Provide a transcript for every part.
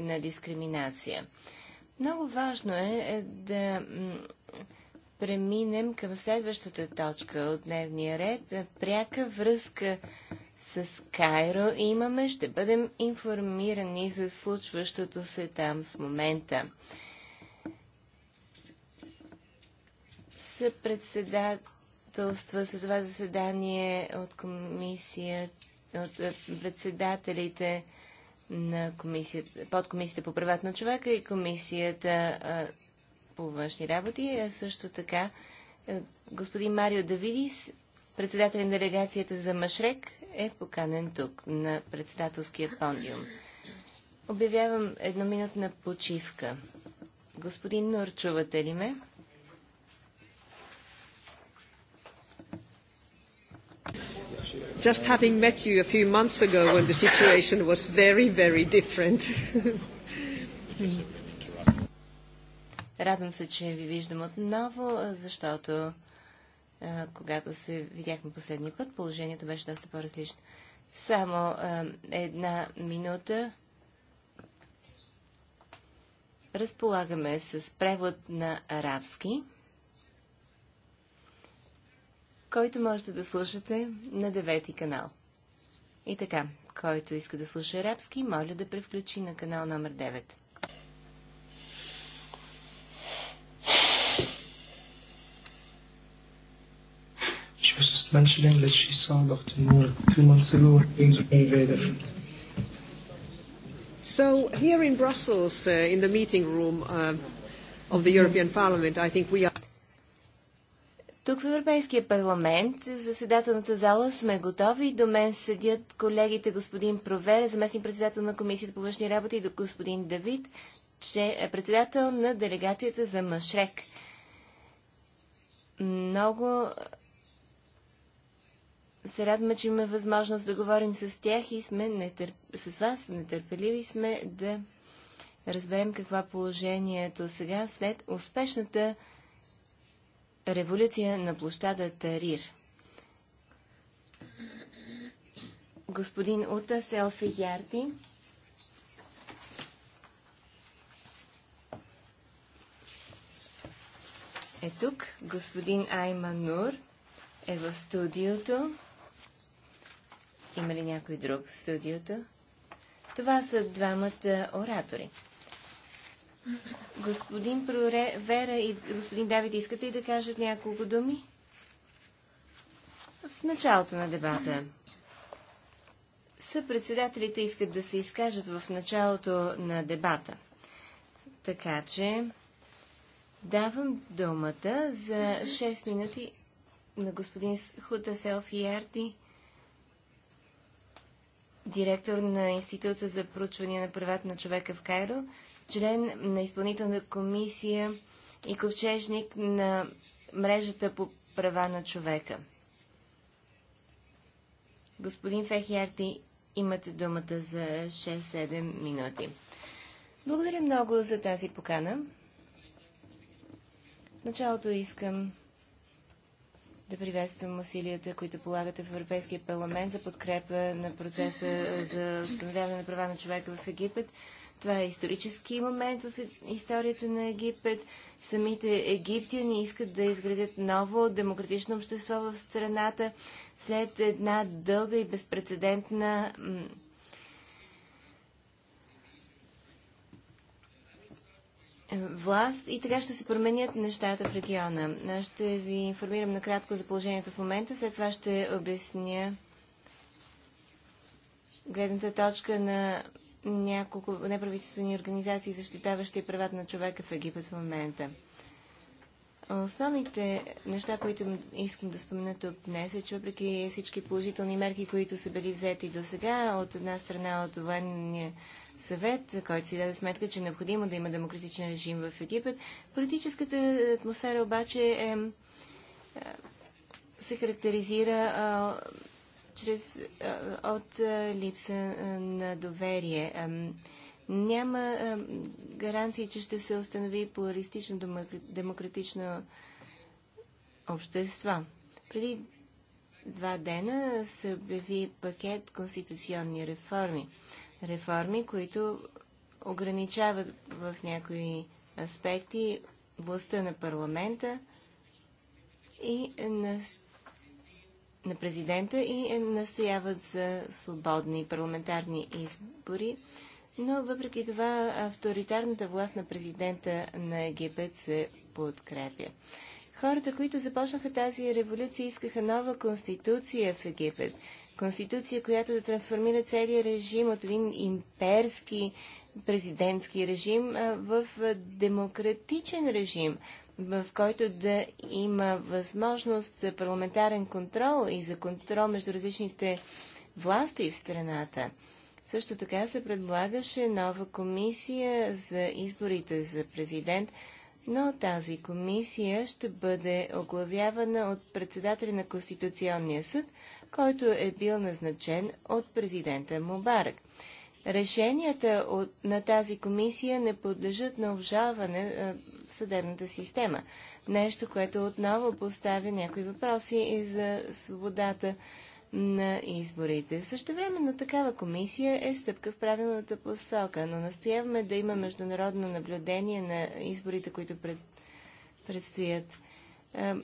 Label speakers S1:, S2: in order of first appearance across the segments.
S1: на дискриминация. Много важно е, е да преминем към следващата точка от дневния ред. Пряка връзка с Кайро имаме. Ще бъдем информирани за случващото се там в момента. Съпредседателства за това заседание от комисия, от председателите на комисията, подкомисията по правата на човека и комисията а, по външни работи, а също така а, господин Марио Давидис, председател на делегацията за Машрек, е поканен тук на председателския пондиум. Обявявам едноминутна почивка. Господин Нур, чувате ли ме?
S2: just having met you a few months ago when the situation was very, very different.
S1: Радвам се, че ви виждам отново, защото когато се видяхме последния път, положението беше доста по-различно. Само една минута. Разполагаме с превод на арабски който можете да слушате на девети канал. И така, който иска да слуша арабски, моля да превключи на канал номер 9.
S3: She was just mentioning that she saw Dr. Moore two months ago and things were very, very different. So
S1: here in Brussels, uh, in the meeting room uh, of the European Parliament, I think we are тук в Европейския парламент, в заседателната зала, сме готови. До мен седят колегите господин Провер, заместник председател на Комисията по външни работи, и до господин Давид, че е председател на делегацията за Машрек. Много е, се радваме, че имаме възможност да говорим с тях и сме нетърп... с вас нетърпеливи сме да разберем какво е положението сега след успешната революция на площада Тарир. Господин Ута Селфи Ярти. е тук. Господин Айман Нур е в студиото. Има ли някой друг в студиото? Това са двамата оратори. Господин Проре, Вера и господин Давид, искате ли да кажат няколко думи? В началото на дебата. Съпредседателите искат да се изкажат в началото на дебата. Така че давам думата за 6 минути на господин Хута Селфи Ярди, директор на Института за проучване на правата на човека в Кайро, член на изпълнителна комисия и ковчежник на мрежата по права на човека. Господин Фехиарти, имате думата за 6-7 минути. Благодаря много за тази покана. В началото искам да приветствам усилията, които полагате в Европейския парламент за подкрепа на процеса за установяване на права на човека в Египет. Това е исторически момент в историята на Египет. Самите египтяни искат да изградят ново демократично общество в страната след една дълга и безпредседентна власт и така ще се променят нещата в региона. Ще ви информирам накратко за положението в момента, след това ще обясня гледната точка на няколко неправителствени организации, защитаващи правата на човека в Египет в момента. Основните неща, които искам да спомена тук днес е, че въпреки всички положителни мерки, които са били взети до сега, от една страна от военния съвет, който си даде сметка, че е необходимо да има демократичен режим в Египет, политическата атмосфера обаче е, се характеризира чрез, от липса на доверие. Няма гаранции, че ще се установи поларистично демократично общество. Преди два дена се обяви пакет конституционни реформи. Реформи, които ограничават в някои аспекти властта на парламента и на на президента и е, настояват за свободни парламентарни избори. Но въпреки това авторитарната власт на президента на Египет се подкрепя. Хората, които започнаха тази революция, искаха нова конституция в Египет. Конституция, която да трансформира целият режим от един имперски президентски режим в демократичен режим, в който да има възможност за парламентарен контрол и за контрол между различните власти в страната. Също така се предлагаше нова комисия за изборите за президент, но тази комисия ще бъде оглавявана от председателя на Конституционния съд, който е бил назначен от президента Мубарак решенията от, на тази комисия не подлежат на обжалване е, в съдебната система. Нещо, което отново поставя някои въпроси и за свободата на изборите. Също но такава комисия е стъпка в правилната посока, но настояваме да има международно наблюдение на изборите, които пред, предстоят. Е,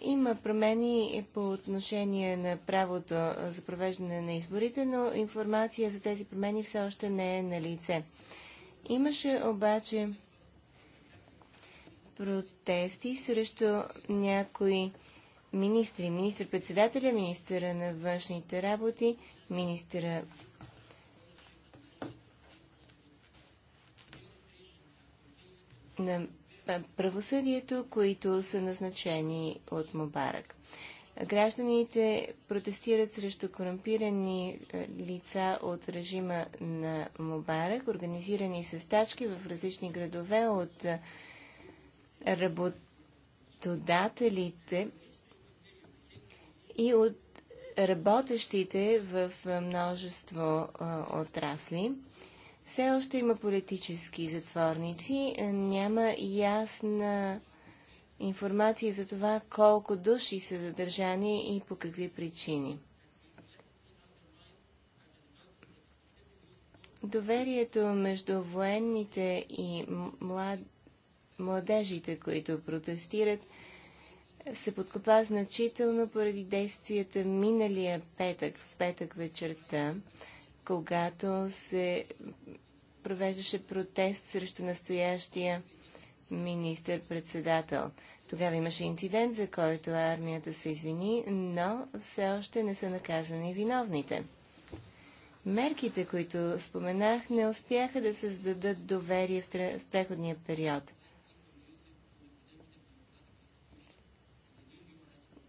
S1: има промени по отношение на правото за провеждане на изборите, но информация за тези промени все още не е на лице. Имаше обаче протести срещу някои министри. Министр-председателя, министъра на външните работи, министъра на правосъдието, които са назначени от Мубарак. Гражданите протестират срещу корумпирани е, лица от режима на Мубарак, организирани с тачки в различни градове от е, работодателите и от работещите в е, множество отрасли все още има политически затворници, няма ясна информация за това колко души са задържани и по какви причини. Доверието между военните и млад... младежите, които протестират, се подкопа значително поради действията миналия петък, в петък вечерта, когато се провеждаше протест срещу настоящия министър-председател. Тогава имаше инцидент, за който армията се извини, но все още не са наказани виновните. Мерките, които споменах, не успяха да създадат доверие в, преходния период.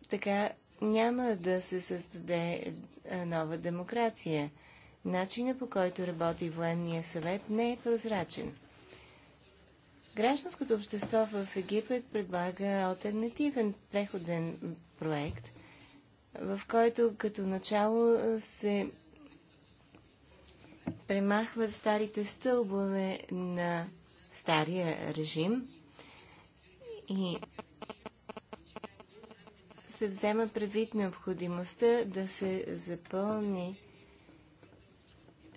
S1: Така няма да се създаде нова демокрация. Начина по който работи военния съвет не е прозрачен. Гражданското общество в Египет предлага альтернативен преходен проект, в който като начало се премахват старите стълбове на стария режим и се взема предвид необходимостта да се запълни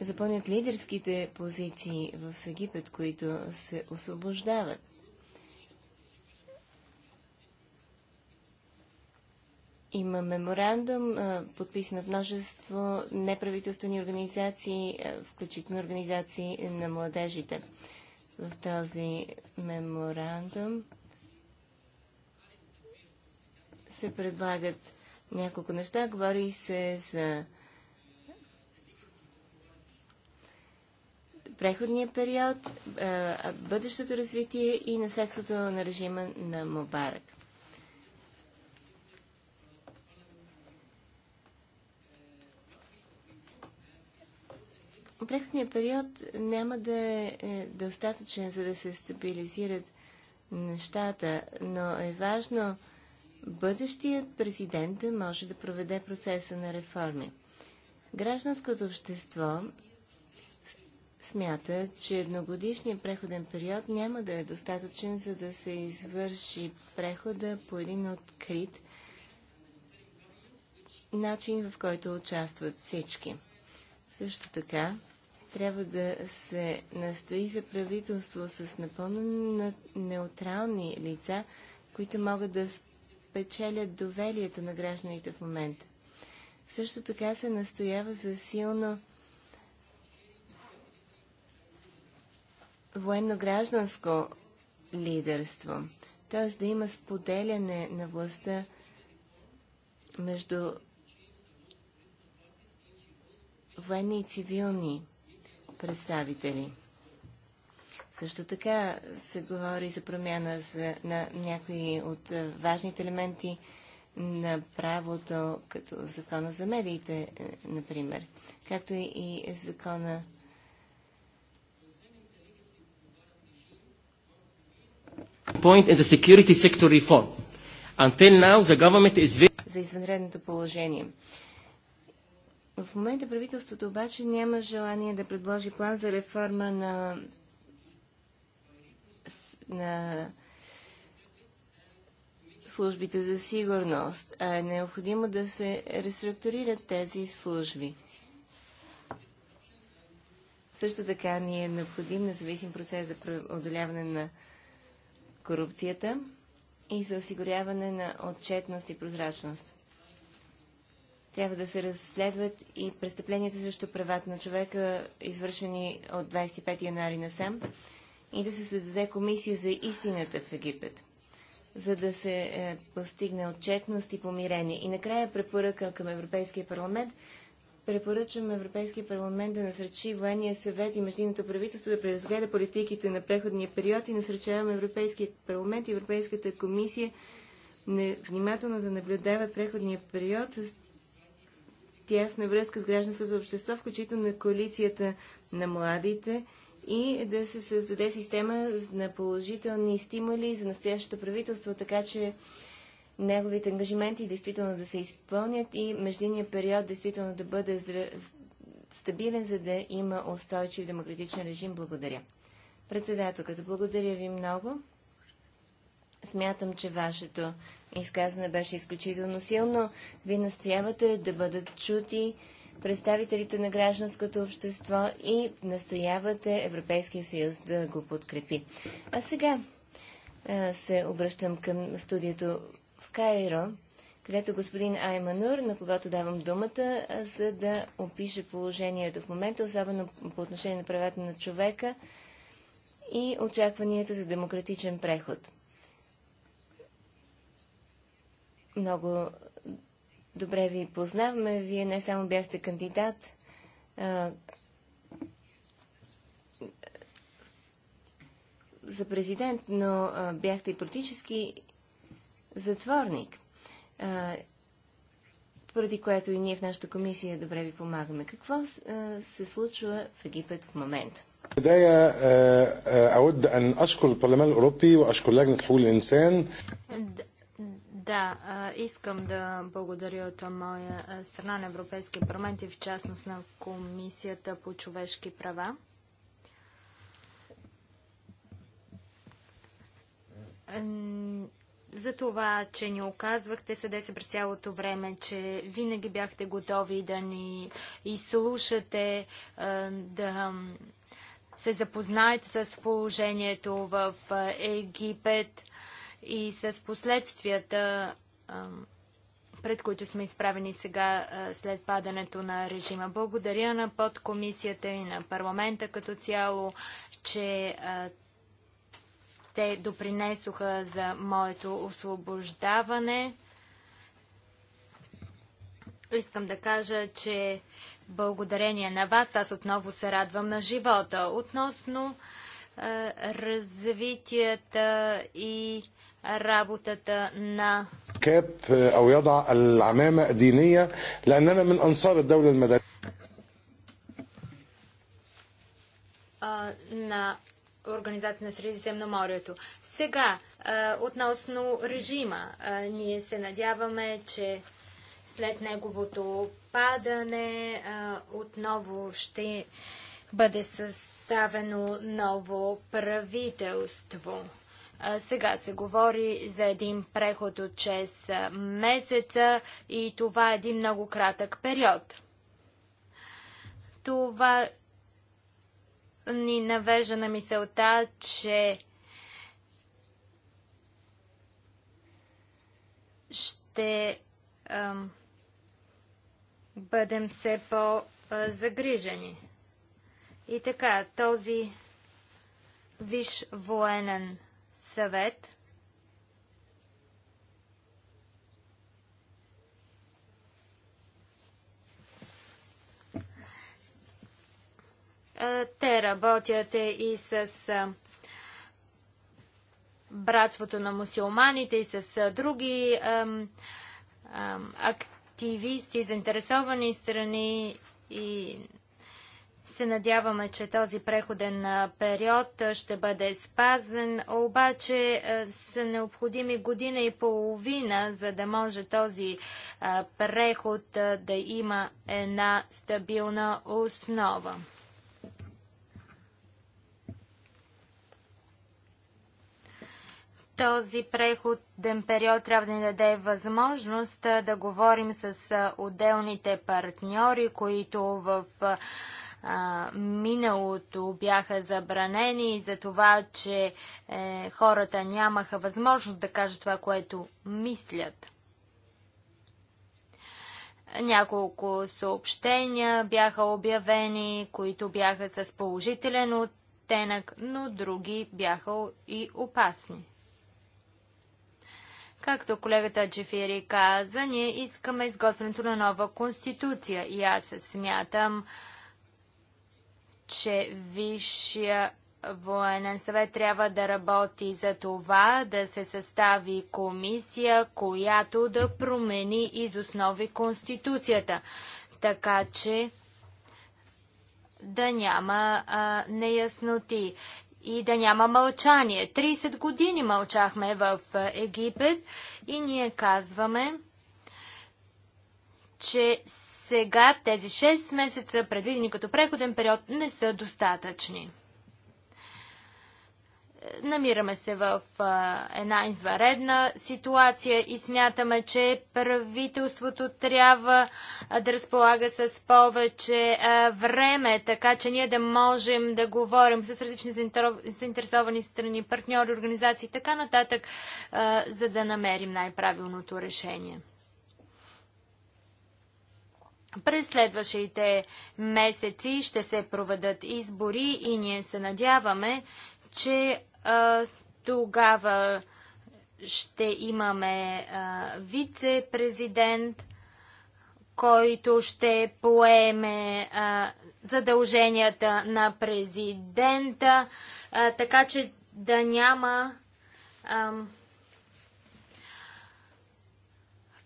S1: запълнят лидерските позиции в Египет, които се освобождават. Има меморандум, подписан от множество неправителствени организации, включително организации на младежите. В този меморандум се предлагат няколко неща. Говори се за преходния период, бъдещото развитие и наследството на режима на Мубарак. Преходният период няма да е, е достатъчен, за да се стабилизират нещата, но е важно бъдещият президент да може да проведе процеса на реформи. Гражданското общество смята, че едногодишният преходен период няма да е достатъчен, за да се извърши прехода по един открит начин, в който участват всички. Също така, трябва да се настои за правителство с напълно неутрални лица, които могат да спечелят доверието на гражданите в момента. Също така се настоява за силно военно-гражданско лидерство, т.е. да има споделяне на властта между военни и цивилни представители. Също така се говори за промяна за, на някои от е, важните елементи на правото, като закона за медиите, е, например, както и, и закона
S3: point in the security sector reform. Until now, the government is very...
S1: За извънредното положение. В момента правителството обаче няма желание да предложи план за реформа на, на службите за сигурност, а е необходимо да се реструктурират тези служби. Също така ни е необходим независим процес за преодоляване на корупцията и за осигуряване на отчетност и прозрачност. Трябва да се разследват и престъпленията срещу правата на човека, извършени от 25 януари насам, и да се създаде комисия за истината в Египет, за да се е, постигне отчетност и помирение. И накрая препоръка към Европейския парламент препоръчвам Европейския парламент да насречи военния съвет и междинното правителство да преразгледа политиките на преходния период и насречавам Европейския парламент и Европейската комисия внимателно да наблюдават преходния период с тясна връзка с гражданството общество, включително на коалицията на младите и да се създаде система на положителни стимули за настоящото правителство, така че неговите ангажименти действително да се изпълнят и междинният период действително да бъде стабилен, за да има устойчив демократичен режим. Благодаря. Председателката, благодаря ви много. Смятам, че вашето изказване беше изключително силно. Ви настоявате да бъдат чути представителите на гражданското общество и настоявате Европейския съюз да го подкрепи. А сега се обръщам към студиото Кайро, където господин Айманур, на когато давам думата, за да опише положението в момента, особено по отношение на правата на човека и очакванията за демократичен преход. Много добре ви познаваме. Вие не само бяхте кандидат, за президент, но а, бяхте и политически затворник. поради което и ние в нашата комисия добре ви помагаме. Какво се случва в Египет в момента?
S3: Е, е, е,
S4: да, искам да благодаря от моя страна на Европейския парламент и в частност на Комисията по човешки права. Да за това, че ни оказвахте съдеса през цялото време, че винаги бяхте готови да ни изслушате, да се запознаете с положението в Египет и с последствията, пред които сме изправени сега след падането на режима. Благодаря на подкомисията и на парламента като цяло, че те допринесоха за моето освобождаване. Искам да кажа, че благодарение на вас аз отново се радвам на живота. Относно е, развитията и работата на
S3: كاب او يضع العمامه دينيه لاننا من انصار الدوله المدنيه
S4: на Организация на Средиземноморието. Сега, относно режима, ние се надяваме, че след неговото падане отново ще бъде съставено ново правителство. Сега се говори за един преход от 6 месеца и това е един много кратък период. Това ни навежда на мисълта, че ще ам, бъдем все по-загрижени. И така, този виш военен съвет – Те работят е и с братството на мусулманите и с други активисти, заинтересовани страни и се надяваме, че този преходен период ще бъде спазен, обаче са необходими година и половина, за да може този преход да има една стабилна основа. Този преходен период трябва да ни даде възможност да говорим с отделните партньори, които в миналото бяха забранени за това, че е, хората нямаха възможност да кажат това, което мислят. Няколко съобщения бяха обявени, които бяха с положителен оттенък, но други бяха и опасни. Както колегата Джефири каза, ние искаме изготвянето на нова конституция и аз смятам, че Висшия военен съвет трябва да работи за това да се състави комисия, която да промени из основи конституцията, така че да няма а, неясноти и да няма мълчание. 30 години мълчахме в е, Египет и ние казваме, че сега тези 6 месеца, предвидени като преходен период, не са достатъчни. Намираме се в една изваредна ситуация и смятаме, че правителството трябва да разполага с повече време, така че ние да можем да говорим с различни заинтересовани страни, партньори, организации и така нататък, за да намерим най-правилното решение. През следващите месеци ще се проведат избори и ние се надяваме, че тогава ще имаме вице-президент, който ще поеме задълженията на президента, така че да няма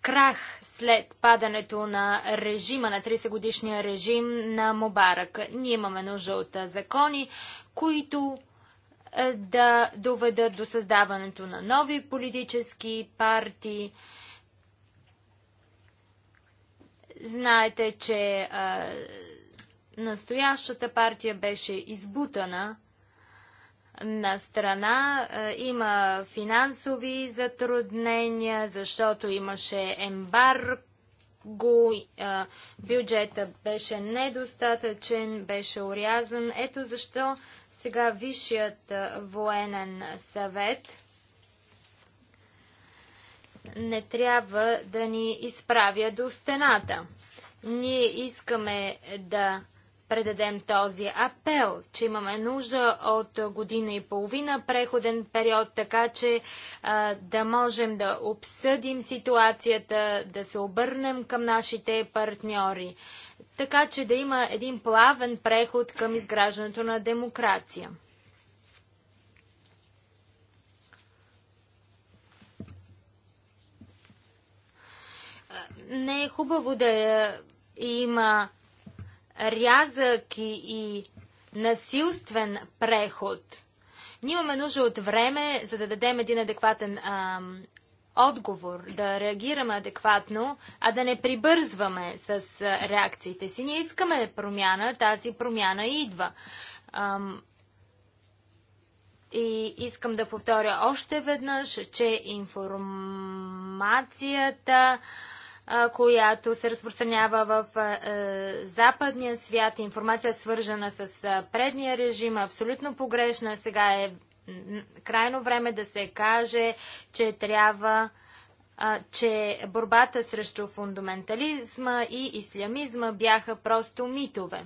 S4: крах след падането на режима, на 30-годишния режим на Мубарак. Ние имаме нужда от закони, които е, да доведат до създаването на нови политически партии. Знаете, че а, е, настоящата партия беше избутана на страна. Е, има финансови затруднения, защото имаше ембарго, бюджета беше недостатъчен, беше урязан. Ето защо сега Висшият военен съвет не трябва да ни изправя до стената. Ние искаме да предадем този апел, че имаме нужда от година и половина преходен период, така че а, да можем да обсъдим ситуацията, да се обърнем към нашите партньори така че да има един плавен преход към изграждането на демокрация. Не е хубаво да има рязък и, и насилствен преход. Ние имаме нужда от време, за да дадем един адекватен а, отговор, да реагираме адекватно, а да не прибързваме с реакциите си. Ние искаме промяна, тази промяна идва. И искам да повторя още веднъж, че информацията, която се разпространява в западния свят, информация свържена с предния режим, е абсолютно погрешна. Сега е крайно време да се каже, че трябва че борбата срещу фундаментализма и ислямизма бяха просто митове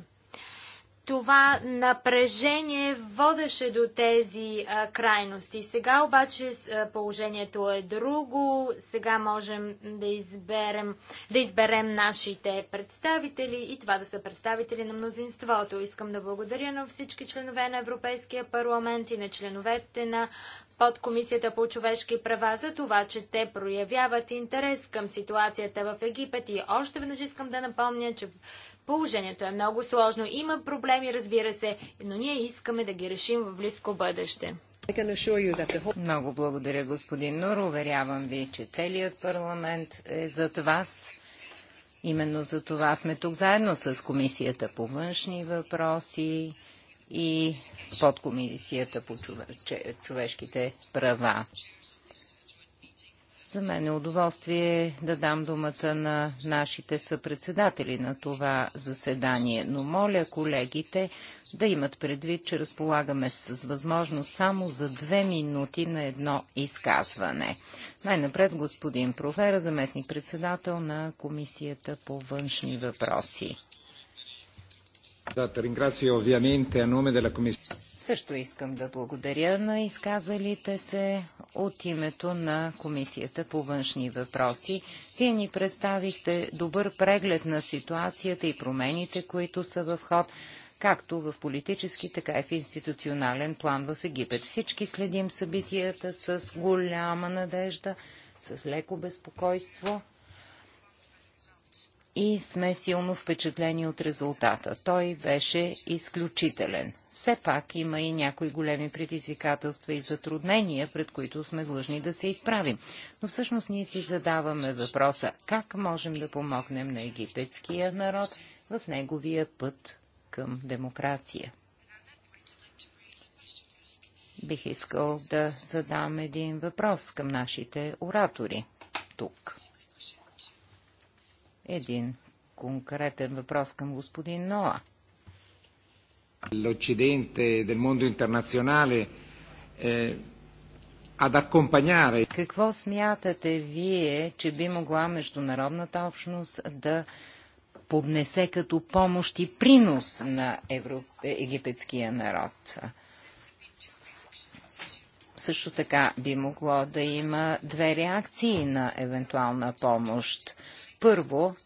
S4: това напрежение водеше до тези а, крайности. Сега обаче а, положението е друго. Сега можем да изберем, да изберем нашите представители и това да са представители на мнозинството. Искам да благодаря на всички членове на Европейския парламент и на членовете на подкомисията по човешки права за това, че те проявяват интерес към ситуацията в Египет и още веднъж искам да напомня, че Положението е много сложно, има проблеми, разбира се, но ние искаме да ги решим в близко бъдеще.
S2: Много благодаря, господин Нур. Уверявам ви, че целият парламент е зад вас. Именно за това сме тук заедно с Комисията по външни въпроси и подкомисията по човешките права. За мен е удоволствие да дам думата на нашите съпредседатели на това заседание, но моля колегите да имат предвид, че разполагаме с възможност само за две минути на едно изказване. Най-напред господин Провера, заместник председател на Комисията по външни
S3: въпроси. Да, ringrazio ovviamente a nome della Commissione
S2: също искам да благодаря на изказалите се от името на Комисията по външни въпроси. Вие ни представихте добър преглед на ситуацията и промените, които са в ход, както в политически, така и в институционален план в Египет. Всички следим събитията с голяма надежда, с леко безпокойство и сме силно впечатлени от резултата. Той беше изключителен. Все пак има и някои големи предизвикателства и затруднения, пред които сме длъжни да се изправим. Но всъщност ние си задаваме въпроса, как можем да помогнем на египетския народ в неговия път към демокрация. Бих искал да задам един въпрос към нашите оратори тук един конкретен въпрос към господин Ноа.
S3: L'Occidente del mondo internazionale eh, ad accompagnare. Какво смятате вие,
S2: че би могла международната общност да поднесе като помощ и принос на Европ... Е, египетския народ? Също така би могло да има две реакции на евентуална помощ първо,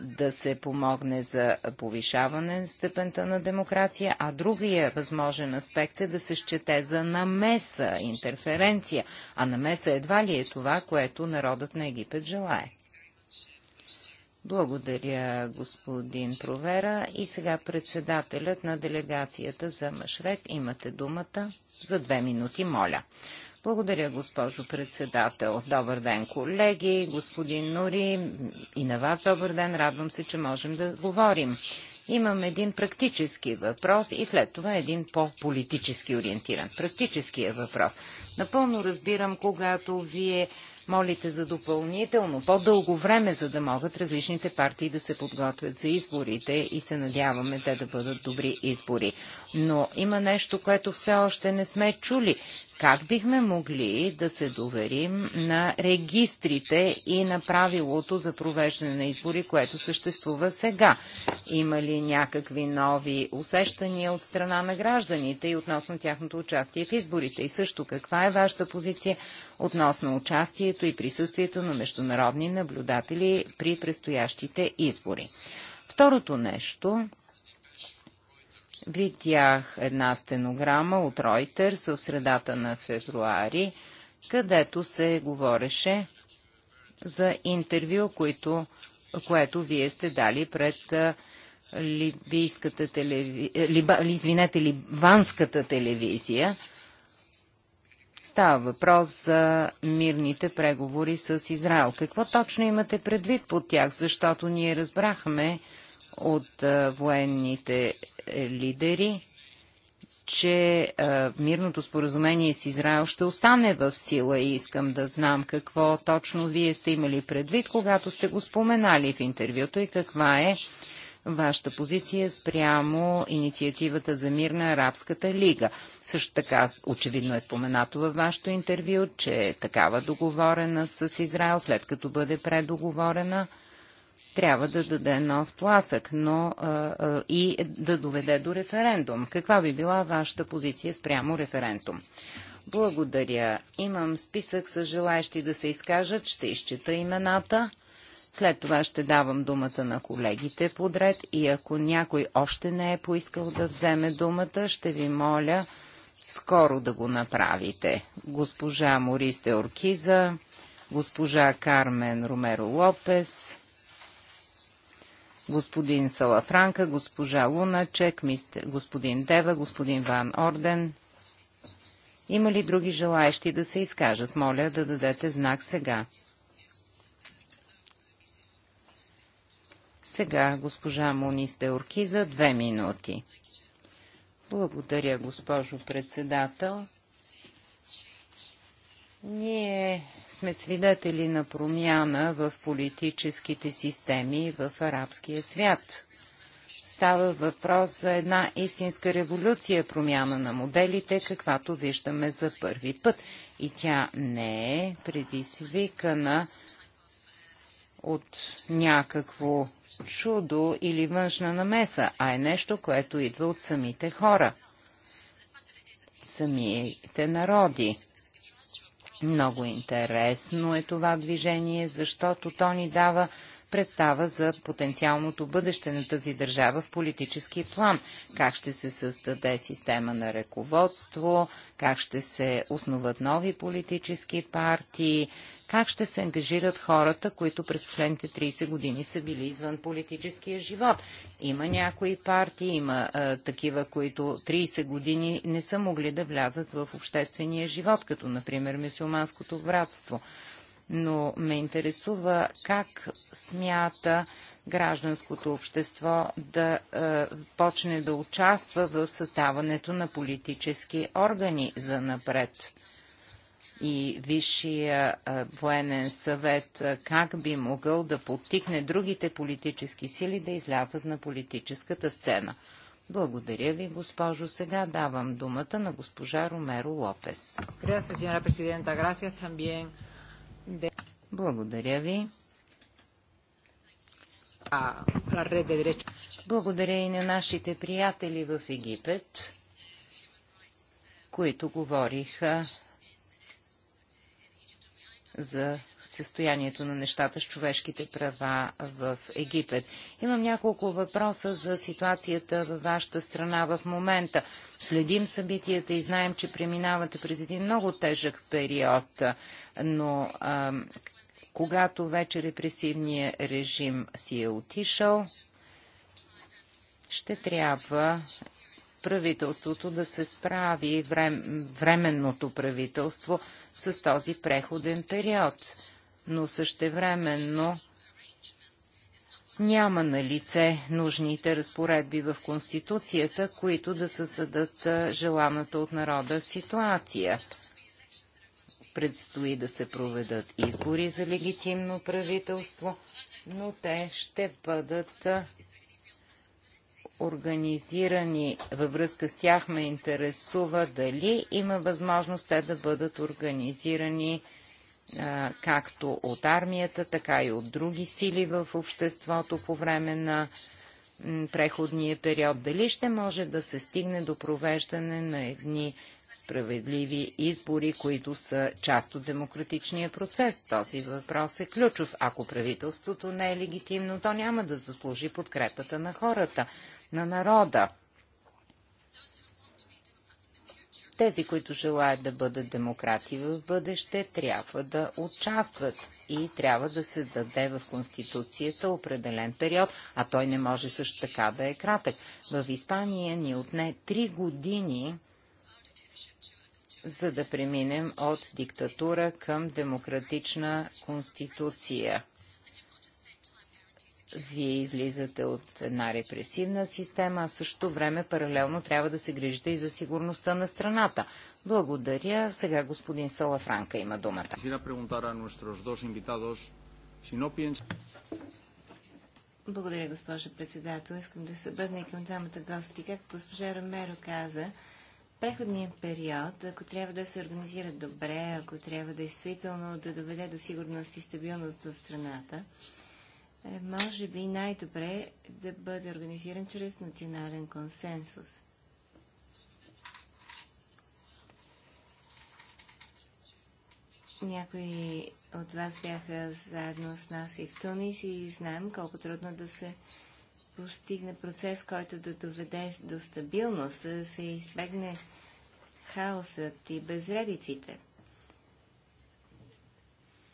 S2: да се помогне за повишаване на степента на демокрация, а другия възможен аспект е да се счете за намеса, интерференция, а намеса едва ли е това, което народът на Египет желае. Благодаря, господин Провера. И сега председателят на делегацията за Машрек. Имате думата за две минути, моля. Благодаря, госпожо председател. Добър ден, колеги, господин Нури и на вас добър ден. Радвам се, че можем да говорим. Имам един практически въпрос и след това един по-политически ориентиран. Практическия е въпрос. Напълно разбирам, когато вие молите за допълнително, по-дълго време, за да могат различните партии да се подготвят за изборите и се надяваме те да бъдат добри избори. Но има нещо, което все още не сме чули. Как бихме могли да се доверим на регистрите и на правилото за провеждане на избори, което съществува сега? Има ли някакви нови усещания от страна на гражданите и относно тяхното участие в изборите? И също каква е вашата позиция относно участието и присъствието на международни наблюдатели при предстоящите избори. Второто нещо видях една стенограма от Reuters в средата на февруари, където се говореше за интервю, което, което вие сте дали пред либийската либа, извинете, ливанската телевизия, Става въпрос за мирните преговори с Израел. Какво точно имате предвид по тях? Защото ние разбрахме от военните е, лидери, че мирното споразумение с Израел ще остане в сила и искам да знам какво точно вие сте имали предвид, когато сте го споменали в интервюто и каква е вашата позиция спрямо инициативата за мир на Арабската лига. Също така, очевидно е споменато във вашето интервю, че е такава договорена с Израел, след като бъде предоговорена, трябва да даде нов тласък, но а, а, и да доведе до референдум. Каква би била вашата позиция спрямо референдум? Благодаря. Имам списък с желаящи да се изкажат. Ще изчета имената. След това ще давам думата на колегите подред и ако някой още не е поискал да вземе думата, ще ви моля скоро да го направите. Госпожа Мористе Оркиза, госпожа Кармен Ромеро Лопес, господин Салафранка, госпожа Луначек, господин Дева, господин Ван Орден. Има ли други желаещи да се изкажат? Моля да дадете знак сега. Сега госпожа Мунис Деорки за две минути. Благодаря, госпожо председател. Ние сме свидетели на промяна в политическите системи в арабския свят. Става въпрос за една истинска революция, промяна на моделите, каквато виждаме за първи път. И тя не е предизвикана от някакво чудо или външна намеса, а е нещо, което идва от самите хора, самите народи. Много интересно е това движение, защото то ни дава представа за потенциалното бъдеще на тази държава в политически план. Как ще се създаде система на ръководство, как ще се основат нови политически партии, как ще се ангажират хората, които през последните 30 години са били извън политическия живот. Има някои партии, има а, такива, които 30 години не са могли да влязат в обществения живот, като например мюсюлманското братство но ме интересува как смята гражданското общество да е, почне да участва в създаването на политически органи за напред и Висшия е, военен съвет е, как би могъл да подтикне другите политически сили да излязат на политическата сцена. Благодаря ви, госпожо. Сега давам думата на госпожа Ромеро Лопес. Gracias, señora presidenta. Gracias también благодаря ви. Е Благодаря и на нашите приятели в Египет, които говориха за състоянието на нещата с човешките права в Египет. Имам няколко въпроса за ситуацията във вашата страна в момента. Следим събитията и знаем, че преминавате през един много тежък период, но а, когато вече репресивният режим си е отишъл, ще трябва правителството да се справи, врем, временното правителство, с този преходен период. Но същевременно няма на лице нужните разпоредби в Конституцията, които да създадат желаната от народа ситуация. Предстои да се проведат избори за легитимно правителство, но те ще бъдат организирани във връзка с тях, ме интересува дали има възможност те да бъдат организирани а, както от армията, така и от други сили в обществото по време на преходния период. Дали ще може да се стигне до провеждане на едни справедливи избори, които са част от демократичния процес. Този въпрос е ключов. Ако правителството не е легитимно, то няма да заслужи подкрепата на хората на народа. Тези, които желаят да бъдат демократи в бъдеще, трябва да участват и трябва да се даде в Конституцията определен период, а той не може също така да е кратък. В Испания ни отне три години, за да преминем от диктатура към демократична конституция. Вие излизате от една репресивна система, а в същото време паралелно трябва да се грижите и за сигурността на страната. Благодаря. Сега господин Салафранка има думата. Благодаря, госпожа председател. Искам да се обърна
S1: и към двамата гости. Както госпожа Ромеро каза, преходният период, ако трябва да се организира добре, ако трябва действително да доведе до сигурност и стабилност в страната, е, може би най-добре да бъде организиран чрез национален консенсус. Някои от вас бяха заедно с нас и в Тунис и знаем колко трудно да се постигне процес, който да доведе до стабилност, да се избегне хаосът и безредиците.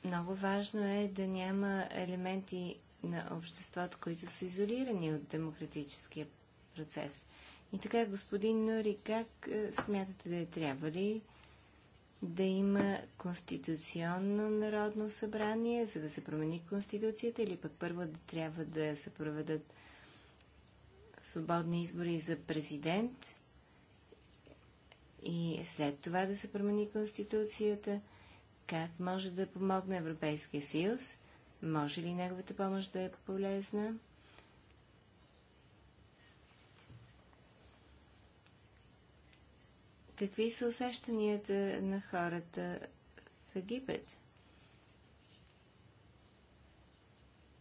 S1: Много важно е да няма елементи на обществата, които са изолирани от демократическия процес. И така, господин Нори, как смятате да е трябва ли да има конституционно народно събрание, за да се промени конституцията, или пък първо да трябва да се проведат свободни избори за президент и след това да се промени конституцията, как може да помогне Европейския съюз може ли неговата помощ да е полезна? Какви са усещанията на хората в Египет?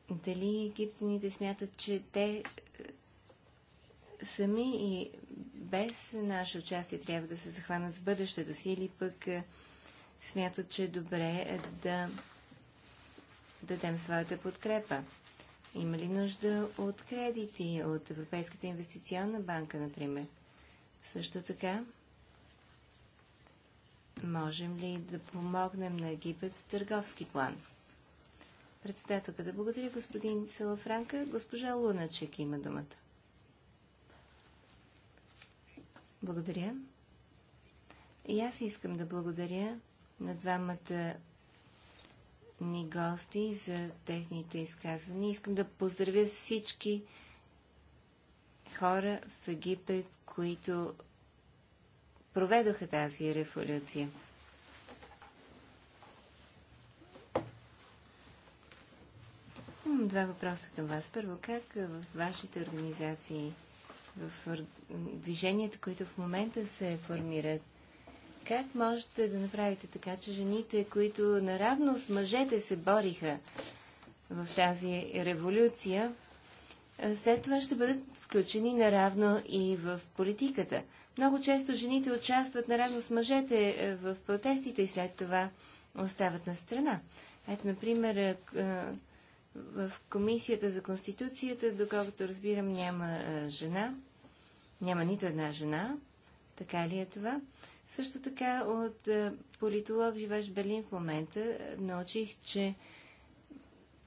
S1: Дали египтяните смятат, че те е, сами и без наше участие трябва да се захванат с бъдещето си или пък е, смятат, че е добре е да дадем своята подкрепа. Има ли нужда от кредити от Европейската инвестиционна банка, например? Също така, можем ли да помогнем на Египет в търговски план? Председателката, благодаря господин Салафранка. Госпожа Луначек има думата. Благодаря. И аз искам да благодаря на двамата ни гости за техните изказвания. Искам да поздравя всички хора в Египет, които проведоха тази революция. два въпроса към вас. Първо, как в вашите организации, в движенията, които в момента се формират, как можете да направите така, че жените, които наравно с мъжете се бориха в тази революция, след това ще бъдат включени наравно и в политиката. Много често жените участват наравно с мъжете в протестите и след това остават на страна. Ето, например, в Комисията за Конституцията, доколкото разбирам, няма жена. Няма нито една жена. Така ли е това? Също така от е, политолог, живееш в Берлин в момента, е, научих, че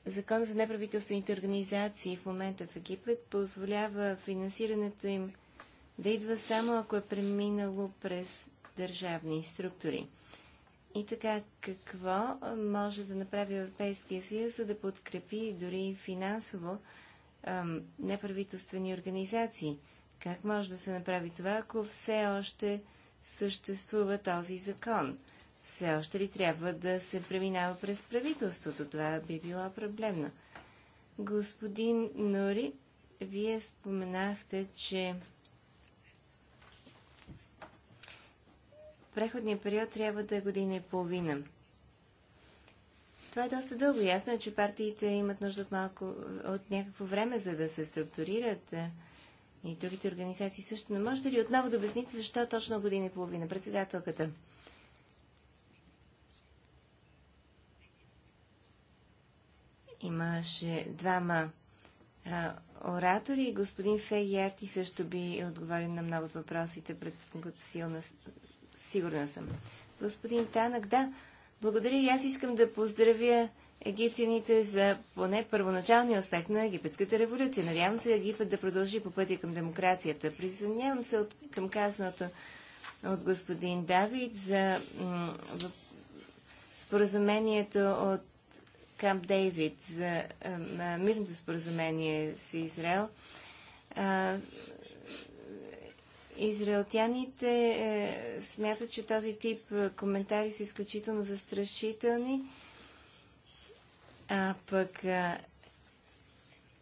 S1: Закон за неправителствените организации в момента в Египет позволява финансирането им да идва само ако е преминало през държавни структури. И така, какво може да направи Европейския съюз, за да подкрепи дори финансово ам, неправителствени организации? Как може да се направи това, ако все още съществува този закон? Все още ли трябва да се преминава през правителството? Това би било проблемно. Господин Нори, вие споменахте, че преходният период трябва да е година и половина. Това е доста дълго. Ясно е, че партиите имат нужда от, малко, от някакво време, за да се структурират и другите организации също. Но можете ли отново да обясните защо точно година и половина председателката? Имаше двама а, оратори. Господин Фейяти също би отговорил на много от въпросите, пред силна, сигурна съм. Господин Танък, да, благодаря и аз искам да поздравя египтяните за поне първоначалния успех на египетската революция. Надявам се Египет да продължи по пътя към демокрацията. Присъединявам се от, към казаното от господин Давид за споразумението от Камп Дейвид за а, мирното споразумение с Израел. А, израелтяните е, смятат, че този тип коментари са изключително застрашителни а пък а,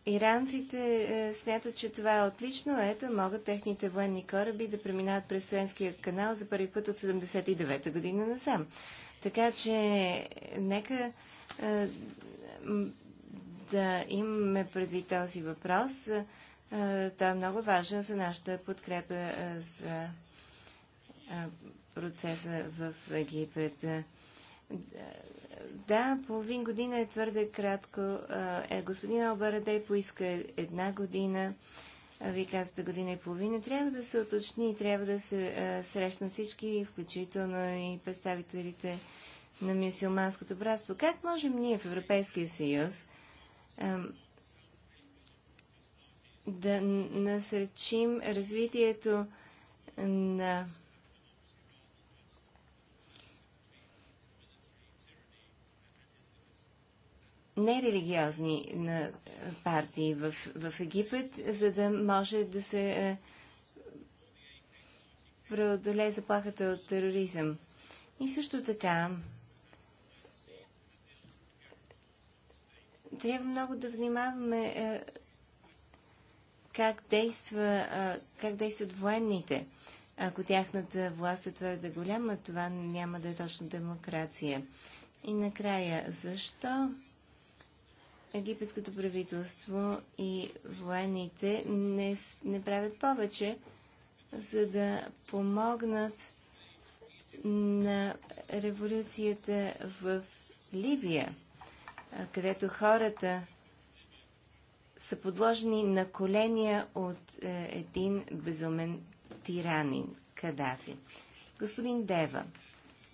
S1: иранците а, смятат, че това е отлично. Ето, могат техните военни кораби да преминават през Суенския канал за първи път от 79-та година насам. Така че, нека а, да имаме предвид този въпрос. Той е много важен за нашата подкрепа за процеса в Египет да, половин година е твърде кратко. Е, господин Албарадей поиска една година. Вие казвате година и половина. Трябва да се оточни и трябва да се е, срещнат всички, включително и представителите на мюсюлманското братство. Как можем ние в Европейския съюз е, да насречим развитието на нерелигиозни е, партии в, в Египет, за да може да се е, преодолее заплахата от тероризъм. И също така трябва много да внимаваме е, как, действа, как действат военните. Ако тяхната власт е твърде голяма, това няма да е точно демокрация. И накрая, защо египетското правителство и военните не, не правят повече, за да помогнат на революцията в Либия, където хората са подложени на коления от е, един безумен тиранин, Кадафи. Господин Дева,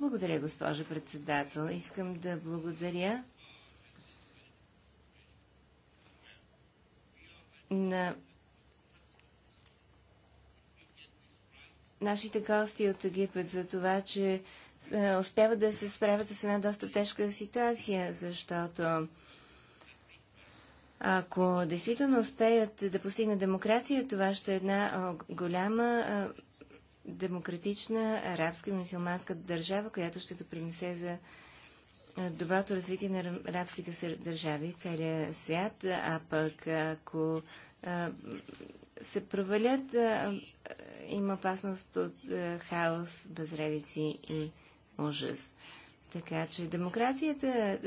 S1: благодаря, госпожа председател. Искам да благодаря на нашите гости от Египет за това, че е, успяват да се справят с една доста тежка ситуация, защото ако действително успеят да постигнат демокрация, това ще е една голяма е, демократична арабска и мусулманска държава, която ще допринесе за доброто развитие на арабските държави в целия свят, а пък ако а, се провалят, а, има опасност от а, хаос, безредици и ужас. Така че демокрацията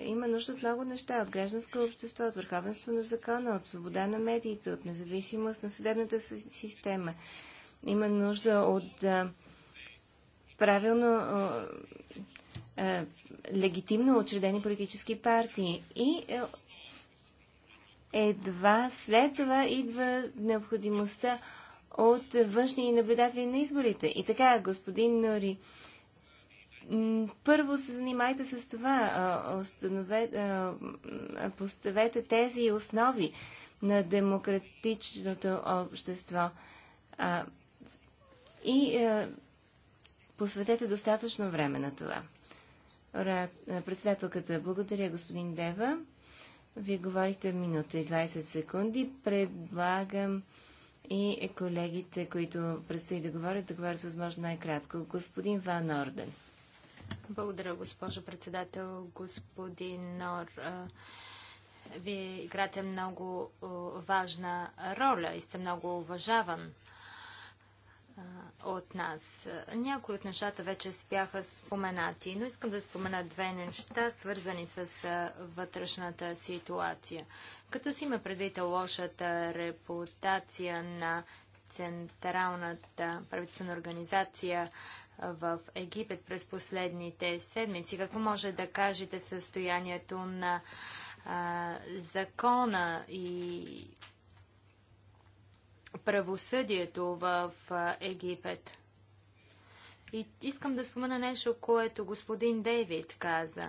S1: има нужда от много неща, от гражданско общество, от върховенство на закона, от свобода на медиите, от независимост на съдебната система. Има нужда от правилно е, легитимно учредени политически партии. И е, едва след това идва необходимостта от външни наблюдатели на изборите. И така, господин Нори, първо се занимайте с това. Е, останове, поставете тези основи на демократичното общество. И посветете достатъчно време на това. Председателката, благодаря господин Дева. Вие говорихте минута и 20 секунди. Предлагам и колегите, които предстои да говорят, да говорят възможно най-кратко. Господин Ван Орден.
S4: Благодаря, госпожо председател. Господин Нор, вие играте много важна роля и сте много уважаван от нас. Някои от нещата вече бяха споменати, но искам да спомена две неща, свързани с вътрешната ситуация. Като си има предвид лошата репутация на Централната правителствена организация в Египет през последните седмици, какво може да кажете състоянието на а, закона и правосъдието в Египет. И искам да спомена нещо, което господин Дейвид каза.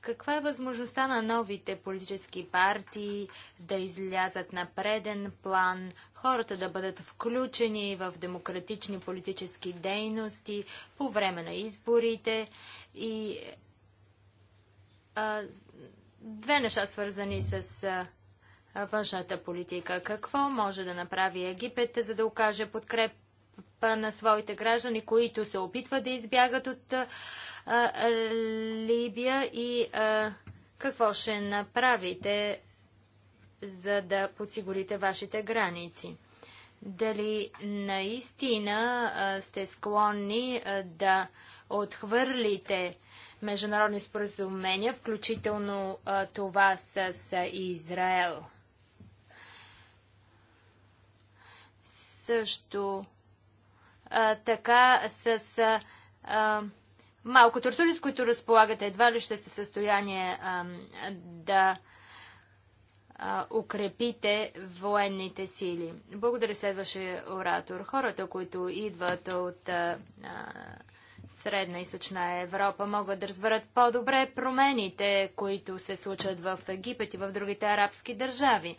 S4: Каква е възможността на новите политически партии да излязат на преден план, хората да бъдат включени в демократични политически дейности по време на изборите и а, две неща свързани с а, външната политика. Какво може да направи Египет, за да окаже подкрепа на своите граждани, които се опитват да избягат от а, Либия и а, какво ще направите, за да подсигурите вашите граници? Дали наистина а, сте склонни а, да отхвърлите международни споразумения, включително а, това с с Израел? също а, така с а, а, малкото ресурси, с които разполагате, едва ли ще сте в състояние а, да а, укрепите военните сили. Благодаря следваше оратор. Хората, които идват от а, Средна и Източна Европа могат да разберат по-добре промените, които се случат в Египет и в другите арабски държави.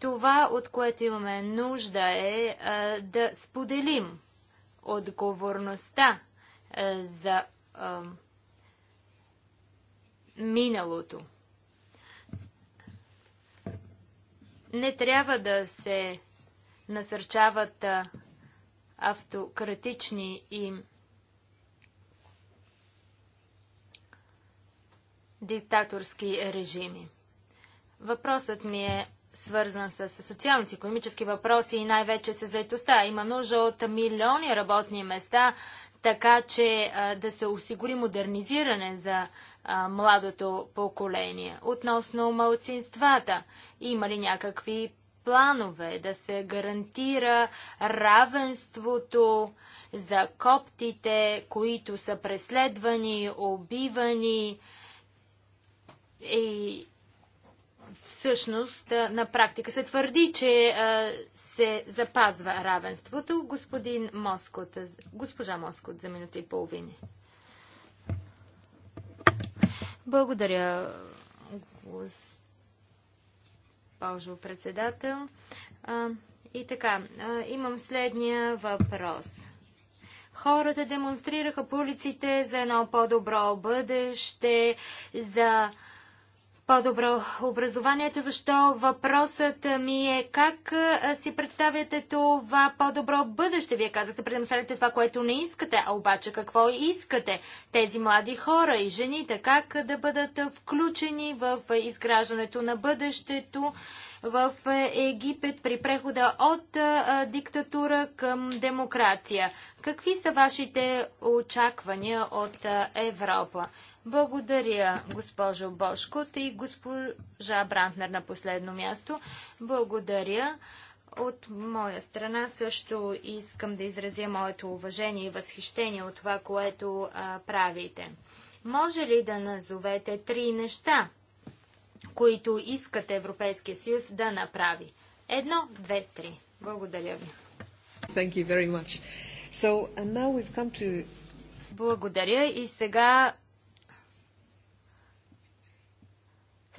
S4: Това, от което имаме нужда е а, да споделим отговорността а, за а, миналото. Не трябва да се насърчават автократични и диктаторски режими. Въпросът ми е свързан с социалните, економически въпроси и най-вече с заедостта. Има нужда от милиони работни места, така че да се осигури модернизиране за младото поколение. Относно малцинствата, има ли някакви планове да се гарантира равенството за коптите, които са преследвани, убивани и всъщност на практика се твърди, че се запазва равенството. Господин Москот, госпожа Москот за минута и половина. Благодаря, госпожо председател. И така, имам следния въпрос. Хората демонстрираха по улиците за едно по-добро бъдеще, за по-добро образованието, защо въпросът ми е как си представяте това по-добро бъдеще? Вие казахте, предимствате това, което не искате, а обаче какво искате? Тези млади хора и жените, как да бъдат включени в изграждането на бъдещето? в е, Египет при прехода от е, е, диктатура към демокрация. Какви са вашите очаквания от Европа? Благодаря, госпожо Бошкот и госпожа Брантнер на последно място. Благодаря. От моя страна също искам да изразя моето уважение и възхищение от това, което а, правите. Може ли да назовете три неща, които искат Европейския съюз да направи. Едно, две, три. Благодаря ви.
S2: Thank you
S4: Благодаря и сега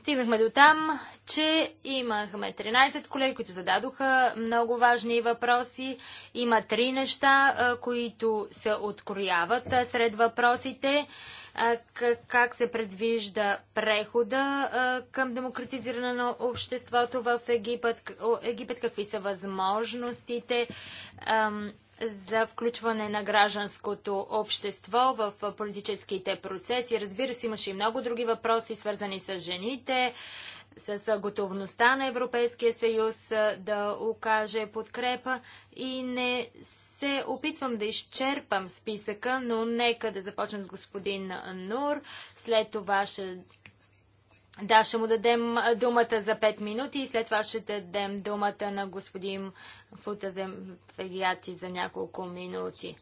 S4: Стигнахме до там, че имахме 13 колеги, които зададоха много важни въпроси. Има три неща, които се открояват сред въпросите. Как се предвижда прехода към демократизиране на обществото в Египет? Египет какви са възможностите? за включване на гражданското общество в политическите процеси. Разбира се, имаше и много други въпроси, свързани с жените, с готовността на Европейския съюз да окаже подкрепа и не се опитвам да изчерпам списъка, но нека да започнем с господин Нур. След това ще да, ще му дадем думата за 5 минути и след това ще дадем думата на господин Футазем Фегиати за няколко минути.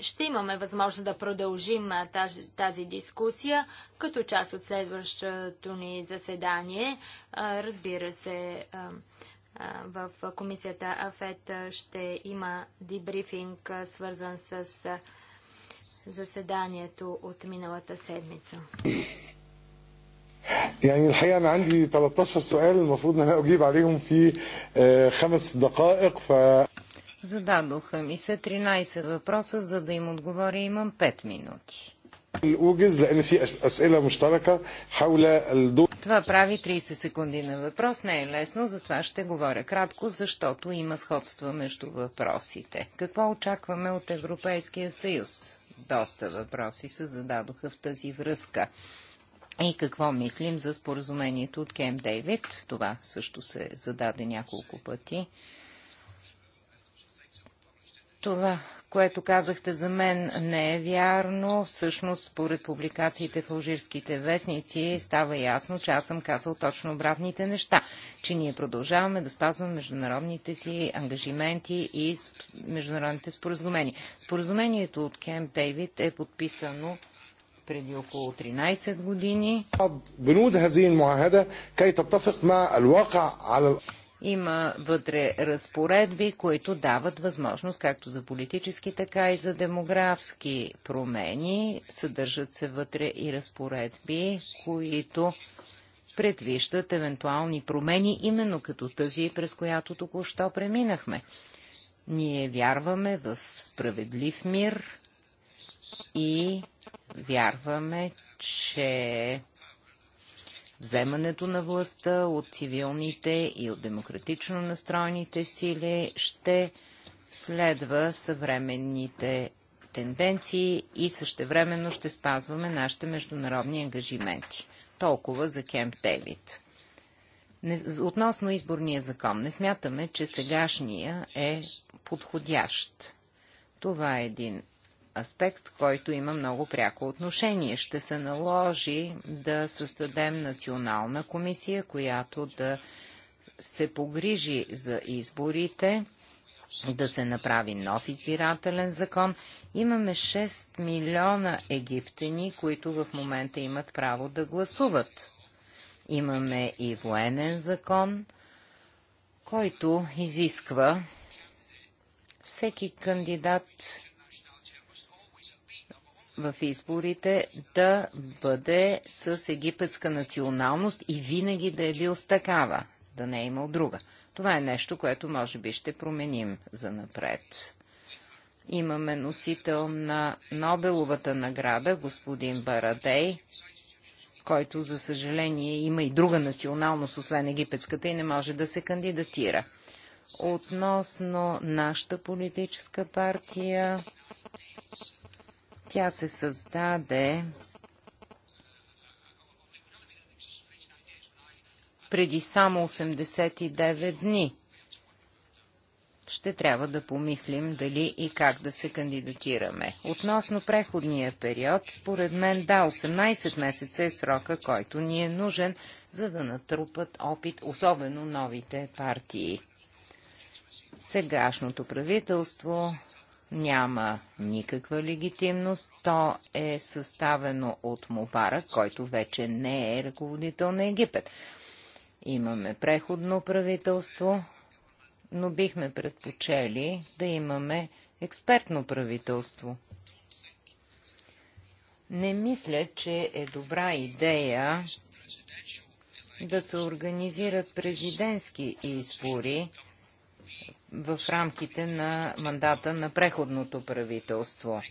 S4: Ще имаме възможност да продължим тази, тази дискусия като част от следващото ни заседание. Разбира се, в комисията АФЕТ ще има дебрифинг, свързан с заседанието от миналата седмица.
S3: يعني الحقيقة أنا عندي 13 سؤال المفروض أن انا اجيب عليهم في خمس دقائق ف
S2: Зададоха ми се 13 въпроса, за да им отговоря имам 5 минути. Това прави 30 секунди на въпрос. Не е лесно, затова ще говоря кратко, защото има сходства между въпросите. Какво очакваме от Европейския съюз? Доста въпроси се зададоха в тази връзка. И какво мислим за споразумението от Кем Дейвид? Това също се зададе няколко пъти. Това, което казахте за мен, не е вярно. Всъщност, според публикациите в алжирските вестници, става ясно, че аз съм казал точно обратните неща, че ние продължаваме да спазваме международните си ангажименти и международните споразумения. Споразумението от Кем Дейвид е подписано преди около 13 години. Има вътре разпоредби, които дават възможност както за политически, така и за демографски промени. Съдържат се вътре и разпоредби, които предвиждат евентуални промени, именно като тази, през която току-що преминахме. Ние вярваме в справедлив мир и Вярваме, че вземането на властта от цивилните и от демократично настроените сили ще следва съвременните тенденции и същевременно ще спазваме нашите международни ангажименти. Толкова за Кемп Дейвид. относно изборния закон, не смятаме, че сегашния е подходящ. Това е един аспект, който има много пряко отношение. Ще се наложи да създадем национална комисия, която да се погрижи за изборите, да се направи нов избирателен закон. Имаме 6 милиона египтени, които в момента имат право да гласуват. Имаме и военен закон, който изисква всеки кандидат в изборите да бъде с египетска националност и винаги да е бил с такава, да не е имал друга. Това е нещо, което може би ще променим за напред. Имаме носител на Нобеловата награда, господин Барадей, който, за съжаление, има и друга националност, освен египетската, и не може да се кандидатира. Относно нашата политическа партия, тя се създаде преди само 89 дни. Ще трябва да помислим дали и как да се кандидатираме. Относно преходния период, според мен да, 18 месеца е срока, който ни е нужен, за да натрупат опит, особено новите партии. Сегашното правителство няма никаква легитимност. То е съставено от Мубарак, който вече не е ръководител на Египет. Имаме преходно правителство, но бихме предпочели да имаме експертно правителство. Не мисля, че е добра идея да се организират президентски избори, в рамките на мандата на преходното правителство.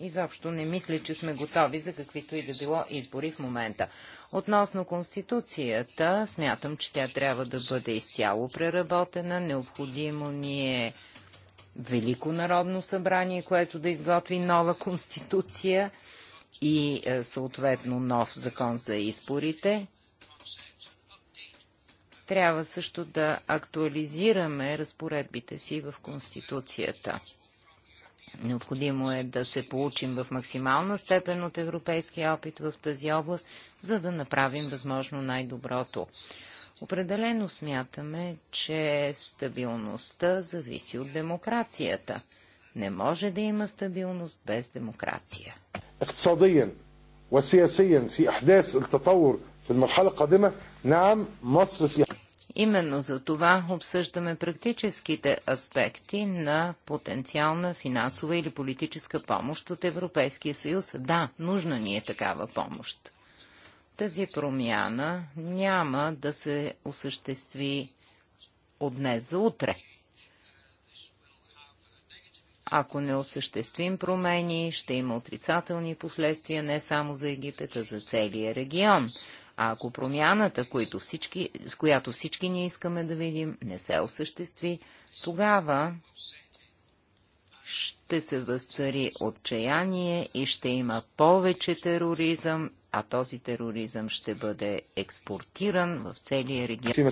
S2: Изобщо не мисля, че сме готови за каквито и да било избори в момента. Относно Конституцията, смятам, че тя трябва да бъде изцяло преработена. Необходимо ни е Велико народно събрание, което да изготви нова Конституция и е, съответно нов закон за изборите. Трябва също да актуализираме разпоредбите си в Конституцията. Необходимо е да се получим в максимална степен от европейския опит в тази област, за да направим възможно най-доброто. Определено смятаме, че стабилността зависи от демокрацията. Не може да има стабилност без демокрация.
S3: في المرحلة القادمة نعم مصر Именно за
S2: това обсъждаме практическите аспекти на потенциална финансова или политическа помощ от Европейския съюз. Да, нужна ни е такава помощ. Тази промяна няма да се осъществи от днес за утре. Ако не осъществим промени, ще има отрицателни последствия не само за Египет, а за целия регион. А ако промяната, които всички, с която всички ние искаме да видим, не се осъществи, тогава ще се възцари отчаяние и ще има повече тероризъм, а този тероризъм ще бъде експортиран в целия регион.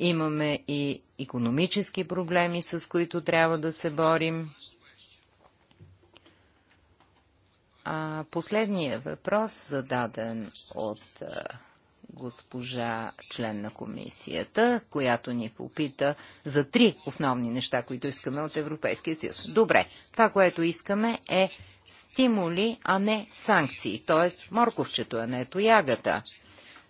S2: Имаме и економически проблеми, с които трябва да се борим. А последният въпрос, зададен от госпожа член на комисията, която ни попита за три основни неща, които искаме от Европейския съюз. Добре, това, което искаме е стимули, а не санкции, т.е. морковчето, а не тоягата,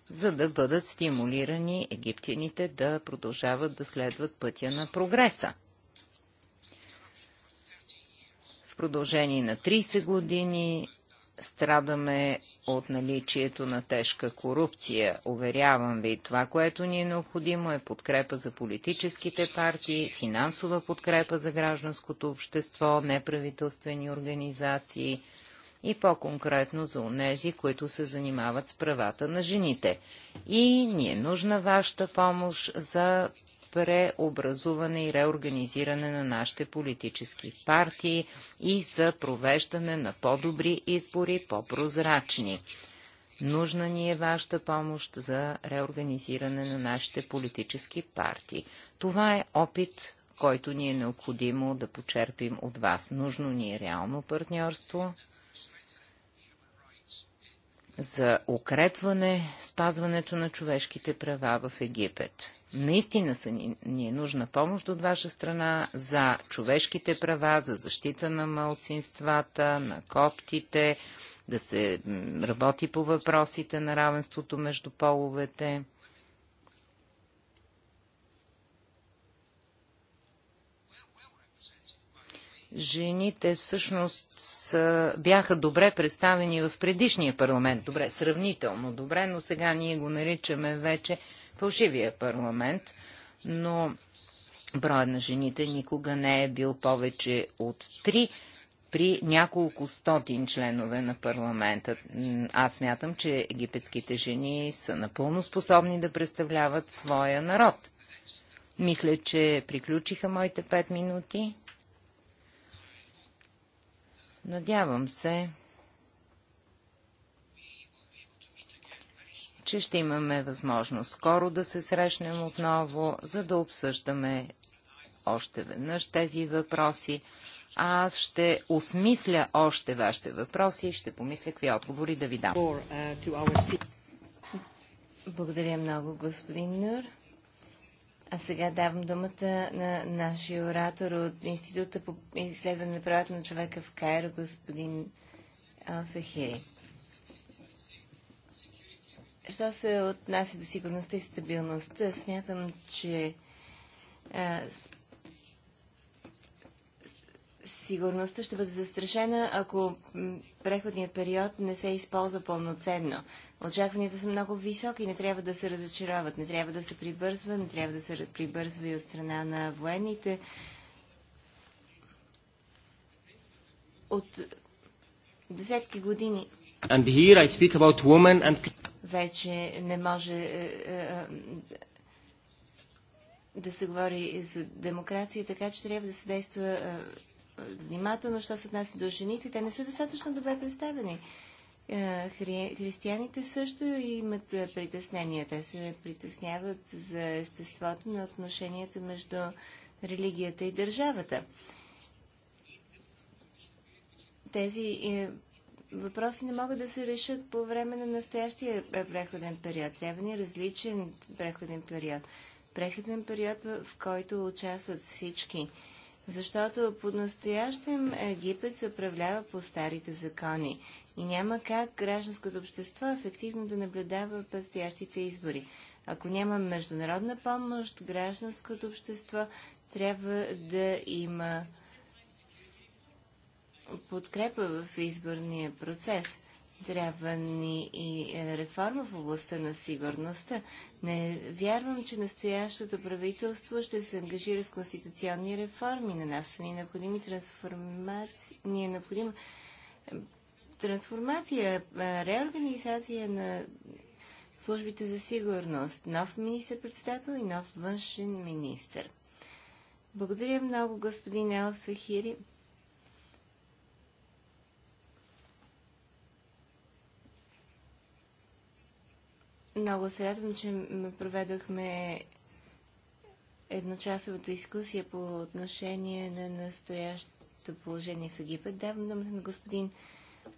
S2: за да бъдат стимулирани египтяните да продължават да следват пътя на прогреса. В продължение на 30 години страдаме от наличието на тежка корупция. Уверявам ви, това, което ни е необходимо е подкрепа за политическите партии, финансова подкрепа за гражданското общество, неправителствени организации и по-конкретно за онези, които се занимават с правата на жените. И ни е нужна вашата помощ за преобразуване и реорганизиране на нашите политически партии и за провеждане на по-добри избори, по-прозрачни. Нужна ни е вашата помощ за реорганизиране на нашите политически партии. Това е опит, който ни е необходимо да почерпим от вас. Нужно ни е реално партньорство за укрепване спазването на човешките права в Египет. Наистина са ни, ни е нужна помощ от ваша страна за човешките права, за защита на малцинствата, на коптите, да се работи по въпросите на равенството между половете. жените всъщност са, бяха добре представени в предишния парламент. Добре, сравнително добре, но сега ние го наричаме вече фалшивия парламент, но броят на жените никога не е бил повече от три при няколко стотин членове на парламента. Аз мятам, че египетските жени са напълно способни да представляват своя народ. Мисля, че приключиха моите пет минути. Надявам се, че ще имаме възможност скоро да се срещнем отново, за да обсъждаме още веднъж тези въпроси. Аз ще осмисля още вашите въпроси и ще помисля какви отговори да ви дам. Uh,
S1: Благодаря много, господин Нур. А сега давам думата на нашия оратор от Института по изследване на правата на човека в Кайро, господин Алфехири. Що се отнася до сигурността и стабилността, смятам, че а, сигурността ще бъде застрашена, ако преходният период не се използва пълноценно. Очакванията са много високи и не трябва да се разочароват, не трябва да се прибързва, не трябва да се прибързва и от страна на военните. От десетки години
S3: And here I speak about and...
S1: Вече не може е, е, е, да се говори и за демокрация, така че трябва да се действа внимателно, що се отнася до жените. Те не са достатъчно добре представени. Хри... Християните също имат притеснения. Те се притесняват за естеството на отношенията между религията и държавата. Тези въпроси не могат да се решат по време на настоящия е, преходен период. Трябва ни различен преходен период. Преходен период, в който участват всички. Защото под настоящем Египет се управлява по старите закони и няма как гражданското общество ефективно да наблюдава предстоящите избори. Ако няма международна помощ, гражданското общество трябва да има подкрепа в изборния процес. Трябва ни и е, реформа в областта на сигурността. Не вярвам, че настоящото правителство ще се ангажира с конституционни реформи. На нас са ни необходими трансформации. Ни е необходима е, трансформация, е, реорганизация на службите за сигурност, нов министр-председател и нов външен министр. Благодаря много, господин Елфехири. Много се радвам, че проведохме едночасовата дискусия по отношение на настоящото положение в Египет. Давам думата на господин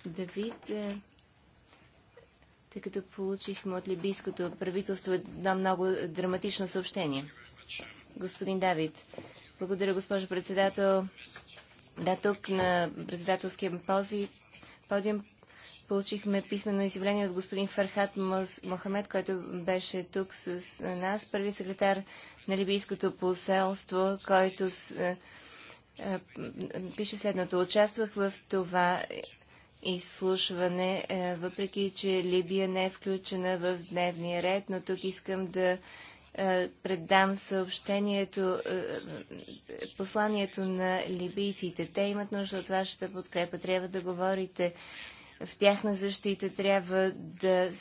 S1: Давид, е, тъй като получихме от либийското правителство едно много драматично съобщение. Господин Давид, благодаря, госпожо председател. Да, тук на председателския пози, подиум Получихме писмено изявление от господин Фархат Мохамед, който беше тук с е, нас, първи секретар на Либийското поселство, който с, е, е, пише следното. Участвах в това изслушване, въпреки че Либия не е включена в дневния ред, но тук искам да предам съобщението, посланието на либийците. Те имат нужда от вашата подкрепа. Трябва да говорите в тяхна защита, трябва да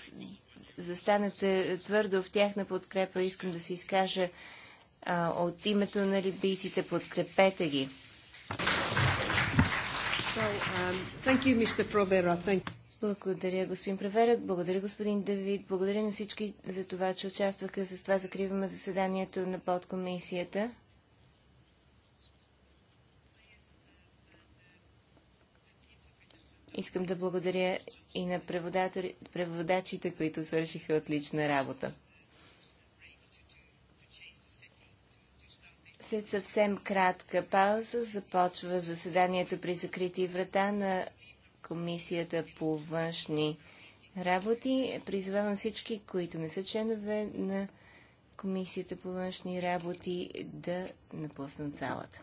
S1: застанете твърдо в тяхна подкрепа. Искам да се изкажа а, от името на либийците. Подкрепете ги. So, um, thank you, Mr. Provera. Thank you. Благодаря, господин Превера. Благодаря, господин Давид. Благодаря на всички за това, че участваха. С това закриваме заседанието на подкомисията. Искам да благодаря и на преводачите, които свършиха отлична работа. След съвсем кратка пауза започва заседанието при закрити врата на Комисията по външни работи. Призовавам всички, които не са членове на Комисията по външни
S4: работи, да напуснат залата.